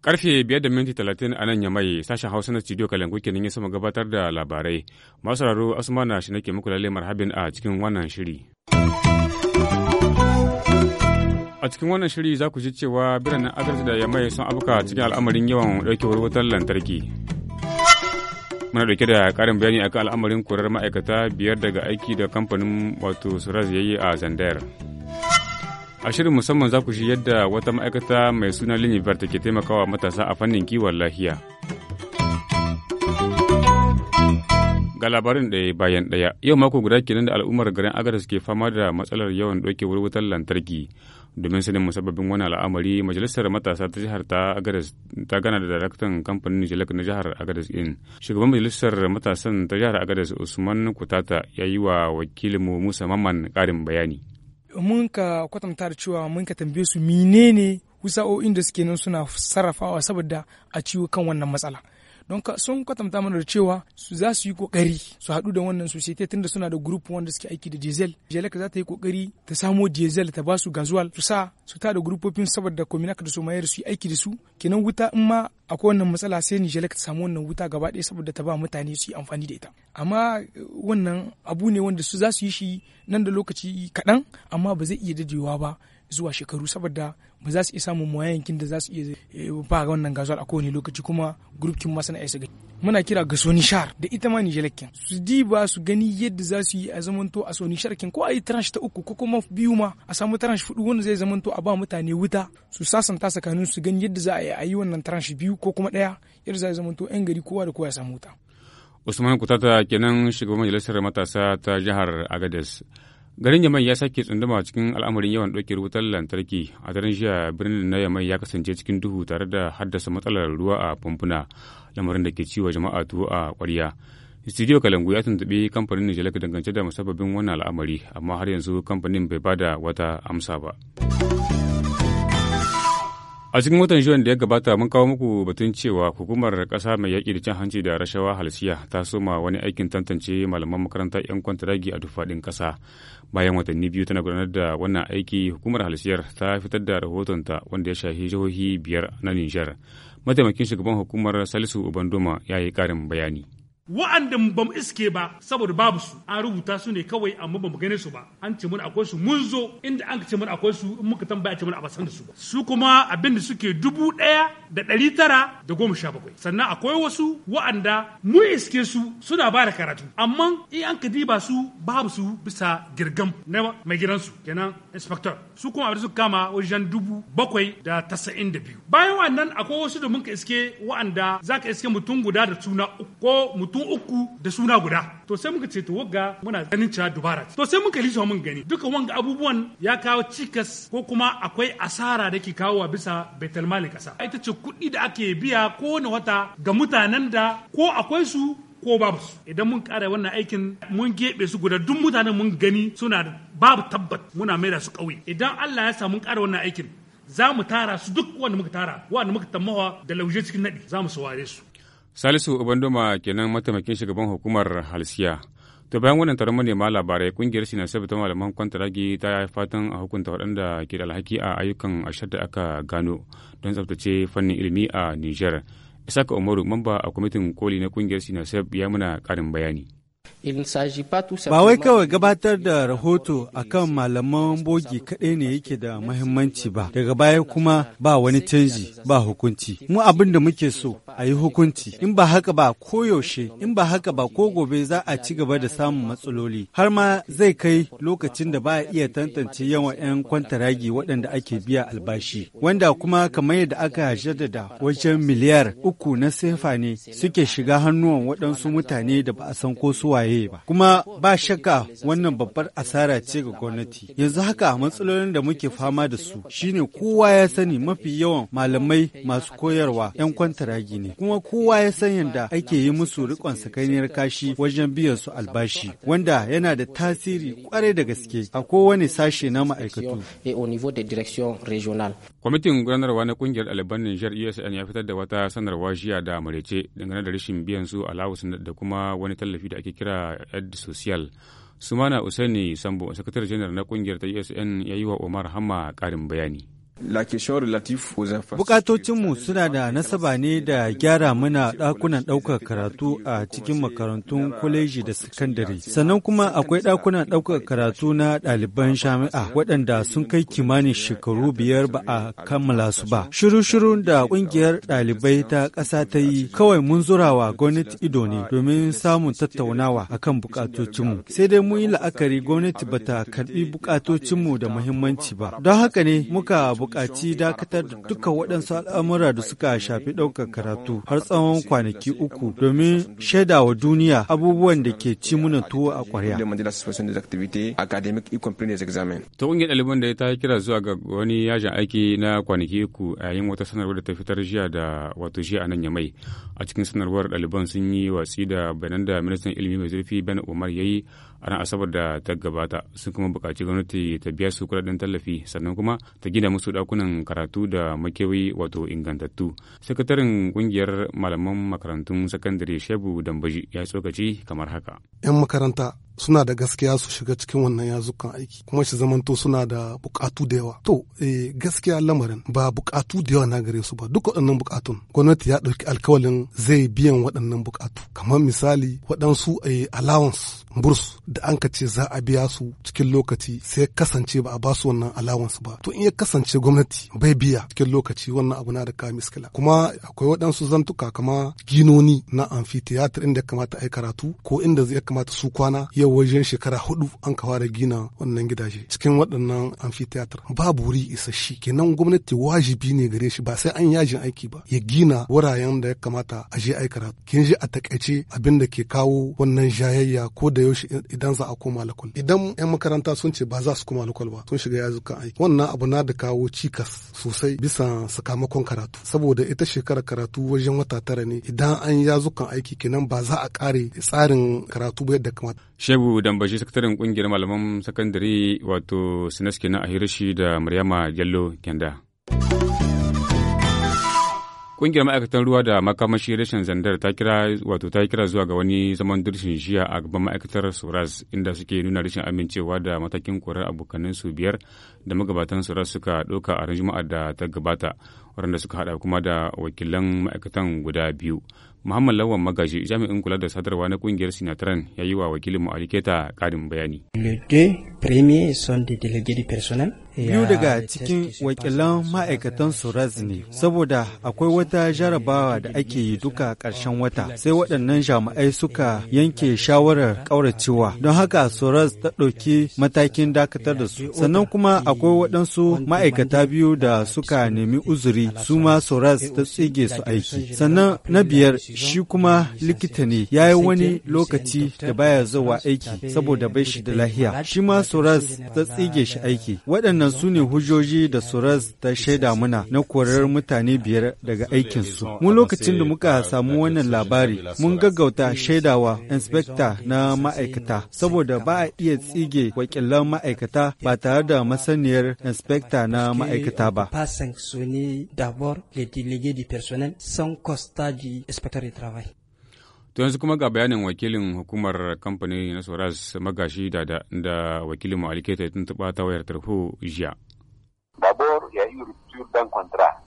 Karfe biyar da minti talatin a nan ya mai sashen Hausa na studio Kalangu kenan ya sama gabatar da labarai. Masu raro Asmana shi nake muku lalle marhabin a cikin wannan shiri. A cikin wannan shiri za ku ji cewa biranen Agarji da ya Yamai sun abuka cikin al'amarin yawan ɗaukewar wutar lantarki. muna dauke da karin bayani akan al'amarin korar ma'aikata biyar daga aiki da kamfanin wato suraz ya yi a zandayar a shirin musamman za ku shi yadda wata ma'aikata mai suna linivar ke taimakawa matasa a fannin kiwon lafiya ga labarin ɗaya bayan ɗaya yau mako guda kenan da al'ummar garin agada suke fama da matsalar yawan ɗauke wutar lantarki domin sanin musabbabin wani al'amari majalisar matasa ta jihar ta agadas ta gana da daraktan kamfanin nijilak na jihar agadas in shugaban majalisar matasan ta jihar agadas usman kutata ya yi wa wakilinmu musa mamman karin bayani mun ka kwatanta da cewa mun ka tambaye su menene wasa'o'in da suke nan suna sarrafawa saboda a ciwo kan wannan matsala don sun kwatanta mana da cewa su za su yi kokari su haɗu da wannan society tunda suna da group wanda suke aiki da diesel jelek za ta yi kokari ta samo diesel ta ba su gazuwal su sa su ta da grupopin saboda kominaka da mayar su yi aiki da su kenan wuta in ma akwai wannan matsala sai jelek ta samu wannan wuta gaba ɗaya saboda ta ba mutane su yi amfani da ita amma eh, wannan abu ne wanda su za su yi shi nan da lokaci kaɗan amma ba zai iya dadewa ba zuwa shekaru saboda ba za su iya samun yankin da za su iya eh, ba wannan gazuwar a kowane lokaci kuma grupkin masana ya shiga muna kira ga soni Shar da ita ma jelekin su diba su gani yadda za su yi a zamanto a soni Shar ko a yi tranche ta uku ko kuma biyu ma a samu tranche fudu wanda zai zamanto a ba mutane wuta su sasanta tsakanin su gani yadda za a yi a wannan tranche biyu ko kuma daya yadda za a zamanto yan gari kowa da kowa ya samu wuta. Usman Kutata kenan shugaban majalisar matasa ta jihar Agadez. Garin Yamai ya sake tsunduma cikin al'amarin yawan ɗauke wutar lantarki a daren jiya birnin na Yamai ya kasance cikin duhu tare da haddasa matsalar ruwa a famfuna lamarin da ke ciwa jama'a tuwo a ƙwarya. Studio Kalangu ya tuntuɓi kamfanin Nijalaka dangance da musabbabin wannan al'amari amma har yanzu kamfanin bai bada wata amsa ba. A cikin watan Juwan da ya gabata mun kawo muku batun cewa hukumar ƙasa mai yaƙi da cin hanci da rashawa halsiya ta soma wani aikin tantance malaman makaranta 'yan kwantaragi a dufaɗin ƙasa. Bayan watanni biyu tana gudanar da wannan aiki hukumar halsiyar ta fitar da rahotonta wanda ya shafi jihohi biyar na Nijar. Mataimakin shugaban hukumar Salisu Ubandoma ya yi ƙarin bayani. wa'anda ba mu iske ba saboda babu su an rubuta su ne kawai amma ba mu gane su ba an ce mun akwai su mun zo inda an ce mun akwai su in muka tambaya ce mun a basan da su ba su kuma abin da suke dubu daya da ɗari tara da goma sha bakwai sannan akwai wasu wa'anda mu iske su suna ba da karatu amma in an ka diba su babu su bisa girgam na mai gidansu kenan inspector su kuma abin su kama wajen dubu bakwai da tasa'in da biyu bayan wannan akwai wasu da mun ka iske wa'anda za ka iske mutum guda da suna ko mutum mutum uku da suna guda to sai muka ce to wagga muna ganin cewa dubara to sai muka lisa mun gani duka wanga abubuwan ya kawo cikas ko kuma akwai asara da ke kawo bisa baitul malin kasa ita ce kuɗi da ake biya kowane wata ga mutanen da ko akwai su ko babu su idan mun kara wannan aikin mun gebe su guda duk mutanen mun gani suna babu tabbat muna mai da su ƙauye idan Allah ya sa mun kara wannan aikin za mu tara su duk wanda muka tara wanda muka tamawa da lauje cikin naɗi za mu saware su Salisu Ubanduma kenan mataimakin shugaban hukumar Halsiya. To bayan wannan taron manema labarai kungiyar Sinasef ta malaman kwantaragi ta yi fatan a hukunta waɗanda ke da alhaki a ayyukan ashar da aka gano don tsabtace fannin ilimi a Nijar. Isaka Umaru mamba a kwamitin koli na kungiyar Sinasef ya muna ƙarin bayani. Ba wai kawai gabatar da rahoto akan malaman bogi kaɗai ne yake da muhimmanci ba, daga baya kuma ba wani canji ba hukunci. Mu abin da muke so a yi hukunci, in ba haka ba ko yaushe, in ba haka ba ko gobe za a ci gaba da samun matsaloli. Har ma zai kai lokacin da ba a iya tantance yawan 'yan kwantaragi waɗanda ake biya albashi, wanda kuma kamar yadda aka jaddada wajen miliyar uku na sefa ne suke shiga hannuwan waɗansu mutane da ba a san ko suwa waye ba. Kuma ba shakka wannan babbar asara ce ga gwamnati. Yanzu haka matsalolin da muke fama da su shine kowa ya sani mafi yawan malamai masu koyarwa 'yan kwantaragi ne. Kuma kowa ya san yadda ake yi musu rikon sakaniyar kashi wajen biyan su albashi wanda yana da tasiri kwarai da gaske a kowane sashe na ma'aikatu. Kwamitin gudanarwa na kungiyar ɗaliban Nijar USN ya fitar da wata sanarwa jiya da marece dangane da rashin biyan su alawus da kuma wani tallafi da ake kira kira ed social sumana usaini sambo sakatare janar na kungiyar ta usn ya yi wa omar hama karin bayani Bukatocinmu suna da nasaba ne da gyara mana ɗakunan ɗaukar karatu a cikin makarantun kwaleji da sakandare. Sannan kuma akwai ɗakunan ɗaukar karatu na ɗaliban jami'a waɗanda sun kai kimanin shekaru biyar ba a kammala su ba. Shiru-shirun da ƙungiyar ɗalibai ta ƙasa ta yi kawai mun zurawa gwamnati ido ne domin samun tattaunawa a kan bukatocinmu. Sai dai mun yi la'akari gwamnati ba ta karɓi bukatocinmu da muhimmanci ba. Don haka ne muka buƙaci dakatar da duka waɗansu al'amura da suka shafi ɗaukar karatu har tsawon kwanaki uku domin shaida wa duniya abubuwan da ke ci muna tuwo a ƙwarya. Ta ƙungiyar ɗaliban da ta kira zuwa ga wani yajin aiki na kwanaki uku a yayin wata sanarwar da ta fitar jiya da wato jiya a nan Yamai. A cikin sanarwar ɗaliban sun yi watsi da bayanan da ministan ilimi mai zurfi Ben Umar ya yi a ran asabar da ta gabata sun kuma buƙaci gwamnati ta biya su kuɗaɗen tallafi sannan kuma ta gina musu ɗakunan karatu da makewi wato ingantattu sakataren ƙungiyar malaman makarantun sakandare shebu dambaji ya tsokaci kamar haka 'yan makaranta suna da gaskiya su shiga cikin wannan yazukan aiki kuma shi zamanto suna da bukatu da yawa to eh, gaskiya lamarin ba bukatu da yawa na gare su ba duk waɗannan bukatun gwamnati ya ɗauki alkawalin zai biyan waɗannan bukatu kamar misali waɗansu eh, allowance burs da an ce za a biya su cikin lokaci sai kasance ba a ba su wannan allowance ba to in ya kasance gwamnati bai biya cikin lokaci wannan abu na da kawo miskila kuma akwai waɗansu zantuka kamar ginoni na amphitheater inda ya kamata a yi karatu ko inda zai kamata su kwana yau wajen shekara hudu an ka fara gina wannan gidaje cikin waɗannan amphitheater babu wuri isasshe kenan gwamnati wajibi ne gare shi ba sai an yajin aiki ba ya gina wuraren da ya kamata a je ai karatu kin ji a takaice abin da ke kawo wannan jayayya ko da yaushe idan za a koma lakul idan yan makaranta sun ce ba za su koma lakul ba sun shiga yazukan aiki wannan abu na da kawo cikas sosai bisa sakamakon karatu saboda ita shekara karatu wajen wata tara ne idan an yazukan aiki kenan ba za a kare tsarin karatu ba yadda kamata Shehu Dambashi sakataren kungiyar malaman sakandare wato Sinas na a da Maryama Jallo Kenda. Kungiyar ma'aikatan ruwa da makamashi rashin zandar ta kira wato ta kira zuwa ga wani zaman dirshin jiya a gaban ma'aikatar Suras inda suke nuna rashin amincewa da matakin korar abokanin su biyar da magabatan Suras suka ɗauka a ran da ta gabata waɗanda suka haɗa kuma da wakilan ma'aikatan guda biyu. Muhammad Lawan Magaji jami'in kula da sadarwa na kungiyar Sinatran ya yi wa wakilin Ali Keta ƙarin bayani. Le deux premiers sont des délégués du personnel. Biyu daga cikin wakilan ma'aikatan Suraz ne, saboda akwai wata jarabawa da ake yi duka ƙarshen wata, sai waɗannan jami'ai suka yanke shawarar ƙauracewa. Don haka Suraz ta ɗauki matakin dakatar da su. Sannan kuma akwai waɗansu ma'aikata biyu da suka nemi uzuri, su ma Suraz ta tsige su aiki. Sannan na biyar shi kuma likita ne, ya yi wani lokaci da baya zuwa aiki saboda bai shi da lahiya. Shi ma Suraz ta tsige shi aiki. Waɗannan Waɗannan su ne hujjoji da Suraz ta shaida muna na korar mutane biyar daga aikin su Mu lokacin da muka samu wannan labari, mun gaggauta shaidawa inspekta na ma'aikata, saboda ba a iya tsige wakilan ma'aikata ba tare da masaniyar inspekta na ma'aikata ba. To yanzu kuma ga bayanin wakilin hukumar kamfani na Soras magashi da da wakilin mu Aliketa ya tuntuɓa ta wayar tarho jiya. Babur ya yi rubutu dan rupture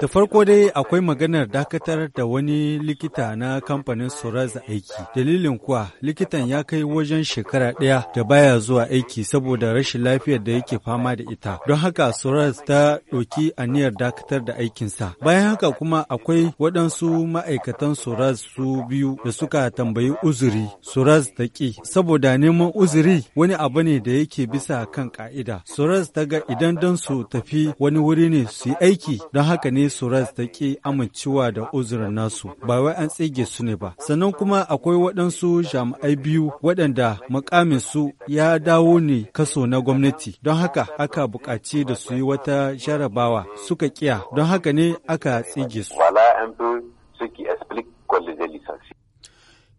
Da farko dai akwai maganar dakatar da wani likita na kamfanin Soraz aiki. Dalilin kuwa likitan ya kai wajen shekara ɗaya da baya zuwa aiki saboda rashin lafiyar da yake fama da ita. Don haka Suraz ta ɗauki aniyar dakatar da aikinsa. Bayan haka kuma akwai waɗansu ma'aikatan Suraz su biyu da suka tambayi uzuri. Suraz ta ƙi. Saboda neman uzuri wani abu ne da yake bisa kan ƙa'ida. Suraz ta ga idan don su tafi wani wuri ne su yi aiki don haka ne su ta ki amincewa da uzurin nasu ba wai an tsige su ne ba. Sannan kuma akwai waɗansu jami'ai biyu waɗanda mukamin su ya dawo ne kaso na gwamnati don haka aka buƙaci da su yi wata jarabawa suka kiya don haka ne aka tsige su.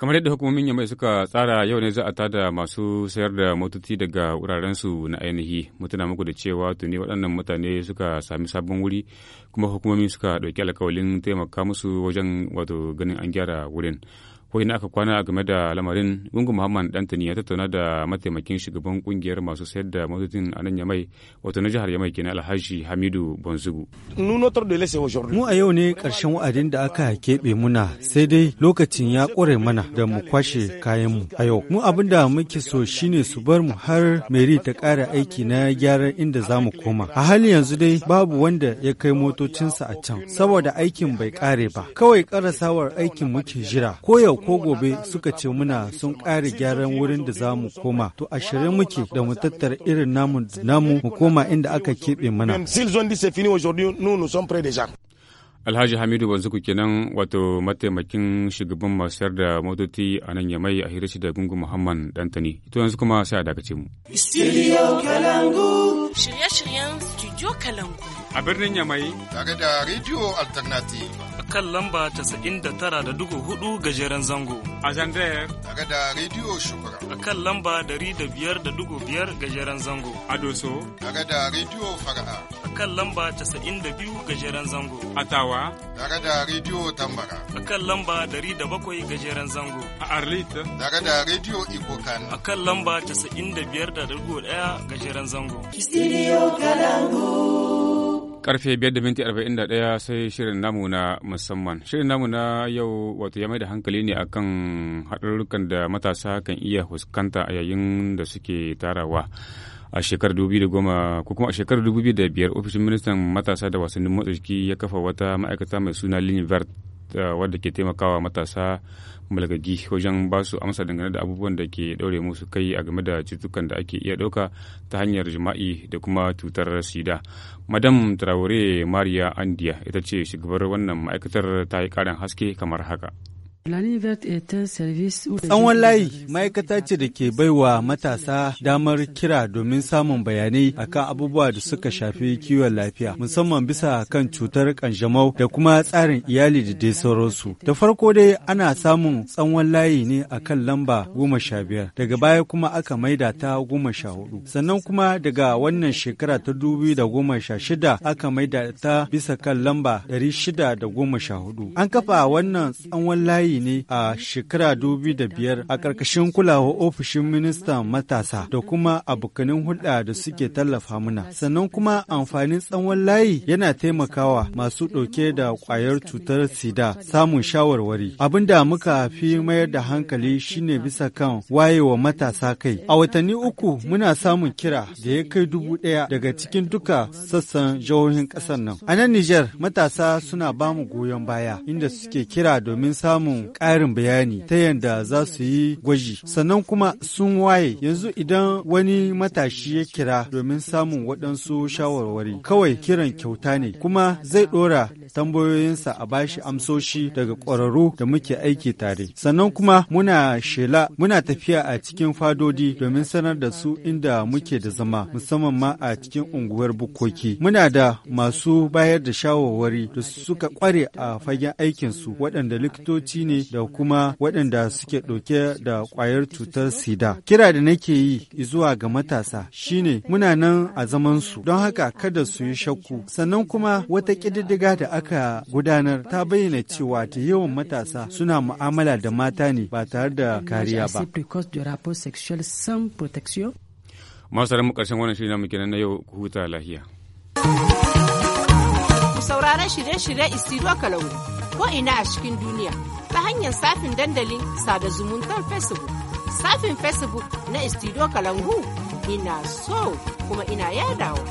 kamar yadda hukumomin yamai suka tsara yau ne za a tada masu sayar da motoci daga wurarensu na ainihi mutuna muku da cewa tuni waɗannan mutane suka sami sabon wuri kuma hukumomi suka ɗauki alkawalin taimaka musu wajen wato ganin an gyara wurin ko ina aka kwana game da lamarin gungun muhammad dantani ya tattauna da mataimakin shugaban kungiyar masu sayar da motocin a nan yamai wato na jihar yamai kenan alhaji hamidu bonzugu mu a yau ne karshen wa'adin da aka keɓe muna sai dai lokacin ya ƙware mana da mu kwashe kayan mu a yau mu abin da muke so shine su bar mu har meri ta ƙara aiki na gyaran inda za mu koma a hali yanzu dai babu wanda ya kai motocinsa a can saboda aikin bai ƙare ba kawai ƙarasawar aikin muke jira ko yau ko gobe suka ce muna sun kare gyaran wurin da za mu koma to a shirye muke da mu tattara irin namu da namu mu koma inda aka keɓe mana. Alhaji Hamidu Banzuku kenan wato mataimakin shugaban masu sayar da motoci a nan Yamai a hirashi da Gungun Muhammad Dantani. Ito yanzu kuma sai a dakace mu. Studio Kalangu. Shirye-shiryen Studio Kalangu. a birnin Yamai. Tare da Radio Alternative. A kan lamba tasa'in da tara da hudu gajeren zango. A Zandayar. Tare da Radio Shukura. A kan lamba dari da biyar da biyar gajeren zango. A Doso. Tare da Radio Fara'a. A kan lamba 92 da biyu gajeren zango. A Tawa. Tare da Radio Tambara. A kan lamba dari da bakwai gajeren zango. A Arlit. Tare da Radio ibokan A kan lamba 95.1 da biyar da gajeren zango. Studio Kalangu. Karfe 5.41 sai shirin namu na musamman. Shirin namu na yau wato ya mai da hankali ne akan haɗarurrukan da matasa kan iya fuskanta a yayin da suke tarawa. a shekarar 2010 ko kuma a shekarar 2005 ofishin ministan matasa da wasannin motsa jiki ya kafa wata ma'aikata mai suna Linivert wadda ke taimakawa matasa malgaji wajen ba su amsa dangane da abubuwan da ke ɗaure musu kai a game da cutukan da ake iya ɗauka ta hanyar jima'i da kuma cutar sida madam traore maria andia ita ce shugabar wannan ma'aikatar ta yi ƙarin haske kamar haka Tsawon layi ma'aikata ce da ke baiwa matasa damar kira domin samun bayanai akan abubuwa da suka shafi kiwon lafiya musamman bisa kan cutar kanjamau da kuma tsarin iyali da dai sauransu. Da farko dai ana samun tsawon layi ne akan lamba goma sha biyar daga baya kuma aka maida ta goma sha hudu. Sannan kuma daga wannan shekara ta dubu da goma sha shida aka maida ta bisa kan lamba dari shida da goma sha hudu. An kafa wannan tsawon layi yi ne a shekara dubi da biyar a ƙarƙashin kulawa ofishin ministan matasa da kuma abokanin hulɗa da suke tallafa muna Sannan kuma amfanin tsawon layi yana taimakawa masu ɗauke da ƙwayar cutar sida samun shawarwari. Abin da muka fi mayar da hankali shine bisa kan wayewa matasa kai. A watanni uku muna samun kira da ya kai dubu ɗaya daga cikin duka sassan jihohin ƙasar nan. A nan Nijar matasa suna bamu goyon baya inda suke kira domin samun ƙarin bayani ta yadda za su yi gwaji. Sannan kuma sun waye yanzu idan wani matashi ya kira domin samun waɗansu shawarwari. Kawai kiran kyauta ne kuma zai ɗora tambayoyinsa a bashi amsoshi daga ƙwararru da muke aiki tare. Sannan kuma muna shela muna tafiya a cikin fadodi domin sanar da su inda muke da zama musamman ma a cikin unguwar bukoki. Muna da masu bayar da shawarwari da suka ƙware a fagen aikinsu waɗanda likitoci ne ne da kuma waɗanda suke ɗauke da ƙwayar cutar sida. Kira da nake yi zuwa ga matasa shine muna nan a zaman su don haka kada su yi shakku. Sannan kuma wata ƙididdiga da aka gudanar ta bayyana cewa da yawan matasa suna mu'amala da mata ne ba tare da kariya ba. Masu mu ƙarshen wannan shirin namu kenan na yau huta lahiya. Sauraron shirye-shirye isi ko ina a cikin duniya ta hanyar safin dandalin sada zumuntar Facebook. Safin Facebook na Istido Kalangu ina so kuma ina yadawa.